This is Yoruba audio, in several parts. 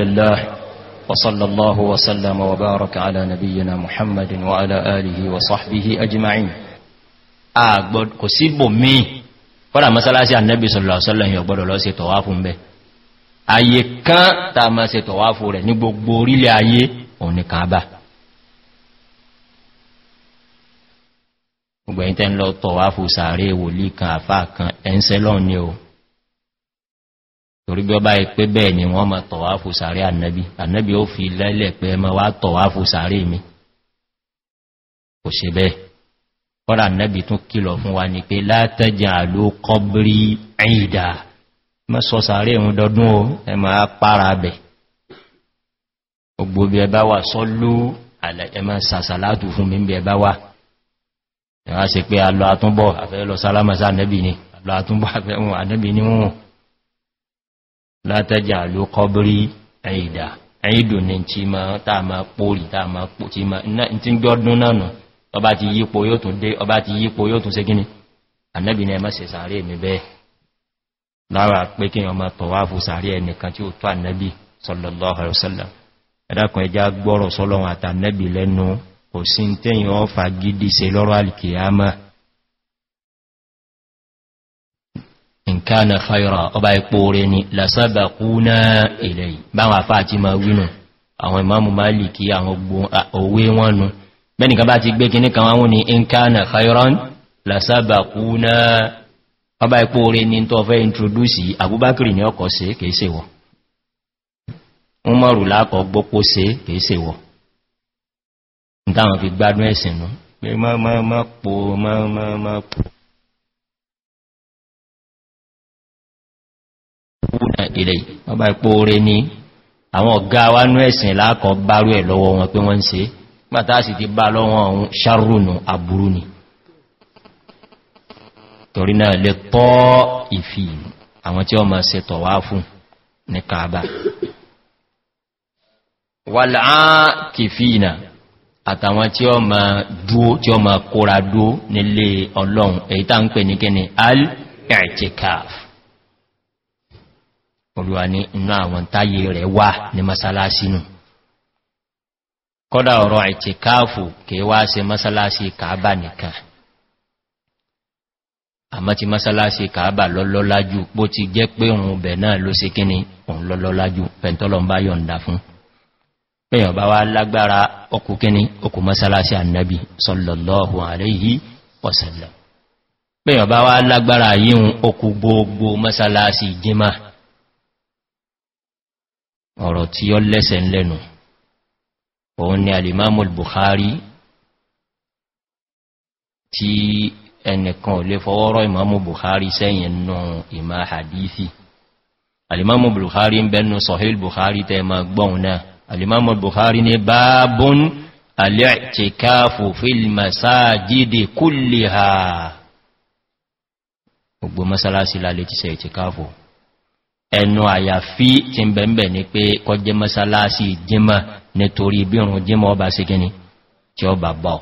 لله وصلى الله وسلم وبارك على نبينا محمد وعلى آله وصحبه أجمعين أقبل قسيب مي فلا مسألة النبي صلى الله عليه وسلم يقبل الله سيتواف به ayé kan ta ma se tọ̀wáfò rẹ̀ ní gbogbo orílẹ̀ ayé òní kàábà gbogbo ẹ̀yìn tẹ́ ń lọ kan àfáà kan ni o torí bí ọba ìpé bẹ́ẹ̀ ni wọ́n ma tọ̀wá fò sàárẹ́ ànẹ́bí ànẹ́bí ó fi lẹ́lẹ̀ pé ẹmọ wá tọ̀wá fò sàárẹ́ mi kò ṣe bẹ́ẹ̀ kọ́rà ànẹ́bí tún kìlọ̀ fún wa ni pé látẹ́jà ló kọ́bírí ẹ̀yìdà mọ́ sọ sàárẹ́ ìhun dọdún o ẹ ma para bẹ̀ gbogbo bí ẹbá ẹwà sí pé alọ́ àtúnbọ̀ àfẹ́ lọ sálámà sáà ni alọ́ àtúnbọ̀ àfẹ́ ànẹ́bí ni wọ́n látẹ́jà ló kọbírí ẹ̀ìdà ẹ̀ìdù ní tí ma táà ma pòrì táà ma pò tí ma tí ń gbọ́dún náà nù ọba ti yípo yóò tún dé ọba ti yípo yóò tún ségíní annabi ni ẹmọ́ sẹ̀sàárẹ̀ mi bẹ́ẹ̀ lára pé kí ọmọ tọ̀wáfù sàárẹ̀ ẹnìkan tí ó tó annabi sallallahu alaihi wasallam ẹ̀dàkùn ẹja gbọ́rọ̀ sọ́lọ́run àtànẹ́bì lẹ́nu kò sí tẹ́yìn ọ́fà gidi Kana fàírà ọba ipò rẹ̀ ni lásàbà kúnà ilẹ̀ báwọn àfá àti ma wínú àwọn imamu maliki àwọn òwe wọn nù bẹ́nìkan bá ti gbé kìní kan wọ́n ni in kánà fàírà lásàbà kúnà ọba ipò ni tó fẹ́ introduce abubakar ni ọkọ̀ sí kèése wọ umaru lákọ̀ gbọ́pọ̀ sí kèése wọ ní táwọn fi gbádùn ẹ̀sìn nù pé má má má pò má má má na ilẹ̀ wọ́n bá ipò orí ní àwọn ọ̀gá wa ní ẹ̀sìn láàkọ̀ bárú ẹ̀ lọ́wọ́ wọn pé wọ́n ń se pàtà sì ti bá lọ́wọ́ ohun ṣarúnù àbúrú ni torí náà lè tọ́ ìfì àwọn tí wọ́n ma se tọ̀ wá fún ní kaaba wàlá kìfìnà àtàwọn tí ó ma dúó tí ó ma kóra dúó nílé ọlọ́run èyí tá ń pè ní kíni al-ẹ̀tìkáf olùwà ní inú àwọn táyé rẹ̀ wà ní masalásínú kọ́dà ọ̀rọ̀ ẹ̀tì káàfù kìí wá se masalásí kàábà nìkan àmọ́ ti masalásí kàábà lọ́lọ́lájú pó ti jẹ́ pé òun bẹ̀ náà ló se kíni òun lọ́lọ́lájú pẹ̀ntọ́lọ́mbá yọ̀nda fún pẹ̀yàn bá wá lágbára ọkù kíni okù masalasi jima. sọlọ̀lọ́hùn ọ̀rọ̀ tí ó lẹ́sẹ̀ lẹ́nu òun ni alimamu buhari tí ẹnìkan ò lè fọwọ́rọ̀ imamu buhari sẹ́yìn nù ìmá hadithi alimamu buhari ń bẹnu sọ̀hìl buhari tẹ́ ma gbọ́n náà alimamu buhari ni bábún alẹ́ẹ̀kẹ́káfò fílmasáàjídì kúlìhà gbogbo masalasi ẹnu àyàfí ti ń bẹ̀m̀bẹ̀ ni pé kọjẹ́ mọ́sálásí jímọ̀ nítorí bírùn jímọ̀ ọba sí gíní tí ó bà bọ̀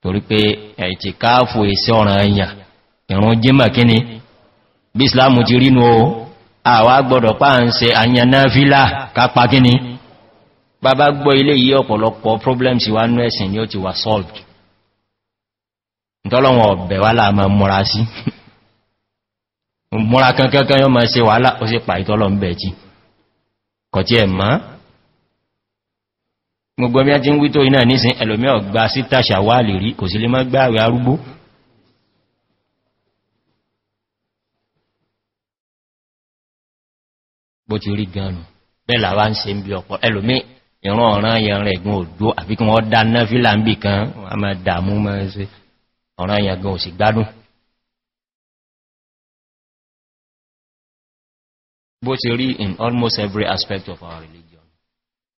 torí pé ẹ̀tì káàfù èsì ọ̀ràn ẹ̀yàn ìrùn jímọ̀ kíní bí islamu ti rínú o àwá gbọ́dọ̀ pà solved ntọ́lọ́wọ̀n ọ̀bẹ̀ wá láàmà múra sí múra kankankan yọ ma ṣe wàhálà ó sì pàìtọ́lọ̀ ń bẹ̀ jí kọ̀ tí ẹ̀ mọ́ gbogbo mẹ́ tí ń wító iná nísìn ẹlòmí ọ̀gbà sí tàṣà wà lè rí kò sí lè mọ́ gbáàrí arúgbó bó ti rí ganu bẹ́ẹ̀ làwá ń se bí ọ̀pọ̀ ẹlòmí ìran ọ̀ràn yẹn rẹ̀ gún àfikún ọ̀dá náà fílà ń bì kan a máa dààmú mọ́ ẹsẹ̀ ọ̀ràn yẹn gan òsì gbádùn bó ṣe rí in almost every aspect of our religion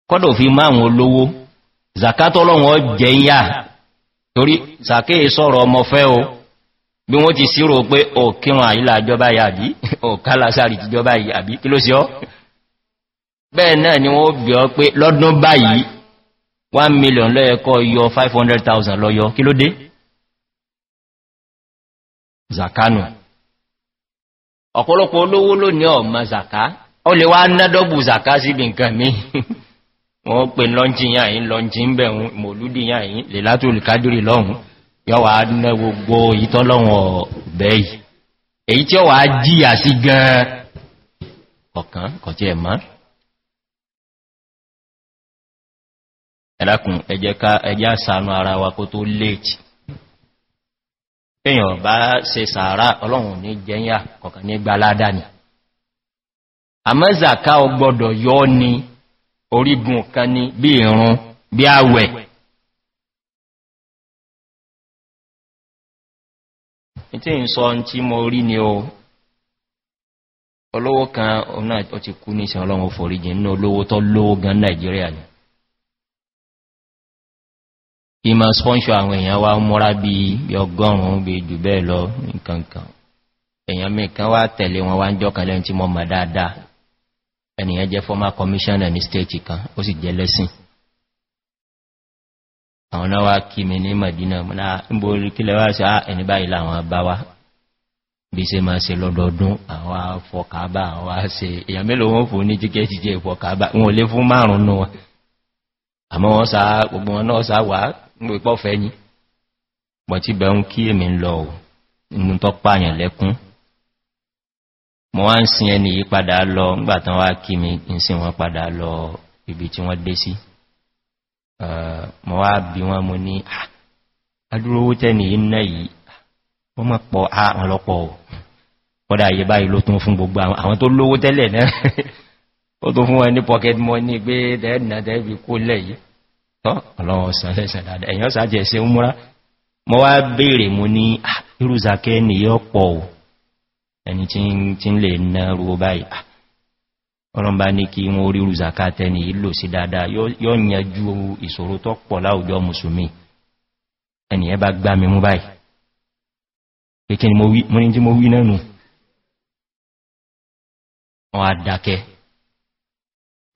kọ́dọ̀ fi máa wọn olówó zakatọ́lọ́wọ́ jẹ ń yà torí sàkéè sọ́rọ̀ ọmọ fẹ́ o bí wọ́n ti sírò pé o kíwọn àyílà àjọba yàbí o kálásàrì tìjọba yàbí kí ló sí ọ́ bẹ́ẹ̀ náà ni wọ́n bí ọ pé lọ́dún báyìí 1 million lọ́yẹ̀kọ́ yọ 500,000 lọ́yọ kí ló dé zakanu ọ̀pọ̀lọpọ̀ olówó lónìí ọ̀mà zàká ó lè wá nádọ́gbù zàká síbi nǹkan mi wọ́n pè lọ́njìyàn yìí lọ́njìn bẹ̀rún mọ̀lúdìyàn yìí lè látò olùkádìrì lọ́hun yọ́ wà ná gbogbo ìtọ́lọ́wọ̀n ọ̀bẹ̀ yìí èyí tí ó wà jíyà sí gan ọ̀kan kọ̀ tí ẹ̀ má ẹ̀lákùn ẹjẹ́ sànú ara wa kó tó léètì èyàn bá se sàárá ọlọ́run ní jẹyà kọ̀kan ní gbaládà ni àmọ́zàká yọọ yọ ni orígun kan ní bí ìrún bí àwẹ̀ tí ń sọ tí mo rí ni o olówó kan ọ̀nà ọ̀tí kú ní ìsìn ọlọ́run olówó gan nàìjíríà ni ìmọ̀ spọ́nṣọ́ àwọn èèyàn wá múra bí i ọgọ́rùn-ún bí jù bẹ́ẹ̀ lọ nǹkankan èèyàn mẹ́kan wá tẹ̀lé wọn wá ń jọ́kan lẹ́yìn tí mọ́ mọ̀ dáadáa ènìyàn jẹ́ former commissioner ní state kan ó sì jẹ́ lẹ́sìn àwọn náà wá kí mi ní mọ̀dínà ah, níborí se àmọ́ wọ́n sá gbogbo wọn náà sá wà ní ìpọ́ fẹ́ yí pọ̀ tí bẹ̀ ń kí èmì ń lọ ò inú tó pààyàn lẹ́kún mọ́ wá ń sin ẹni yí padà lọ ńgbàtán wá kí mi ń sin wọn padà lọ ibi tí wọ́n dé sí mọ́ wá bí wọn mo ní ah, adúrówó tẹ́ni iná yìí wọ́n mọ̀ pọ̀ ah, àwọn lọ́pọ̀ ò ó tó fún wọn pocket money gbé dẹ́ẹ̀dìnà tẹ́ẹ̀bì kó lẹ̀ yìí tọ́ ọlọ́wọ́ sàlẹ̀sàn dáadáa èyàn sàájẹ́ sí múra mọ́ wá bèèrè mú ní ah, irúzakẹ́ ní yọ́ pọ̀ ò ẹni tí ń lè ná rúgbó báyìí ah. ọlọ́mbá ní kí wọ́n orí irúzaka tẹ́ni ìlò sí dáadáa yọ́ yanjú ìṣòro tó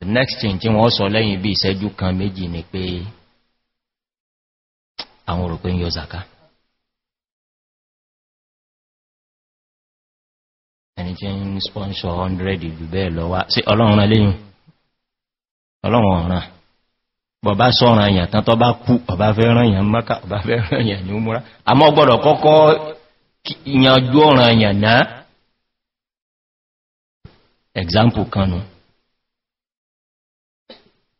next thing tí wọ́n sọ lẹ́yìn bí ìṣẹ́jú kan méjì ni pé àwọn òrò pé ń yọ zaka ẹni tí ń sponsor 100 ìlú bẹ́ẹ̀ lọ sí ọlọ́run lẹ́yìn ọlọ́run ọ̀ràn bọ̀bá sọ́ràn tán tọ́ bá ọba fẹ́ rán maka ọba fẹ́ rán èyàn ní múra àmọ́ gbọ́dọ̀ kọ́kọ́ ìyànjú example kanu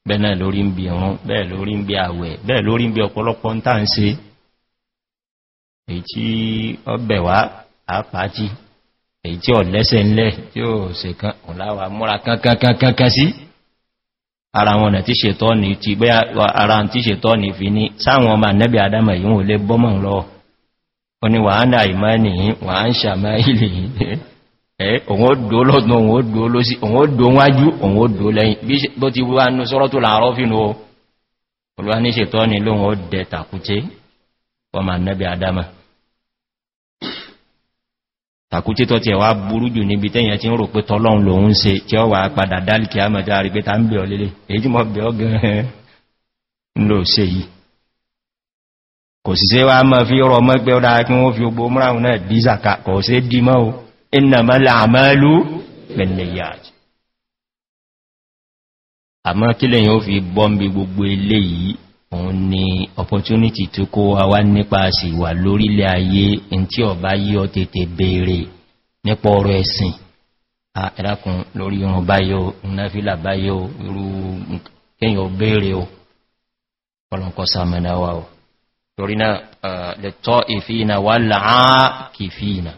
bẹ́ẹ̀ náà lórí ń bí ẹ̀rùn bẹ́ẹ̀ lórí ń bí àwẹ̀ bẹ́ẹ̀ lórí ń bí ọ̀pọ̀lọpọ̀ ń tàà ń se èyí tí ọbẹ̀ wá àpáàtì èyí tí ọ̀lẹ́sẹ̀ ńlẹ̀ tí ó se kan ọ̀láwà múra kankankankan sí ara wọn nà tí ṣètọ́ ní ti bẹ́ ara tí ṣètọ́ òun ó dò lọ́dún òun ó dò lósí òun ó dò wájú òun ó dò lẹ́yìn bí bó ti wá ní sọ́rọ́ tó láàárọ́ fínú o olúwa ní ṣètọ́ ni lóhun ó dẹ tàkúté ọmọ annabi adama tàkúté tọ́ ti ẹ̀wà burú jù níbi tẹ́yẹn tí ń rò pé tọ́lọ́un lòun ṣe tí ó wà padà dálìkì àmàjá rí pé ta ń bẹ̀ ọ lélẹ̀ èyí tí mọ́ bẹ̀ ọ gan-an ló ṣe yìí kò sì ṣe wá mọ́ fi rọ mọ́ pé ìnàmà làmàlú bẹ̀lẹ̀yàjì àmọ́ kí lẹ́yìn ó fi bọ́m̀bí gbogbo ilé yìí òun ni opportunity tó kó wa wá nípa sí wà lórílẹ̀ ayé in tí ọba yí ọ tètè bèèrè nípa ọrọ̀ ẹ̀sìn ẹ̀lákun lórí irun báyó náfílà báyó irú kẹ́yìn ò bèèrè o ọlọ́nkọ́ sàmẹ́náwà o torí náà lẹ́tọ́ ìfìnà wà láàá kìfìnà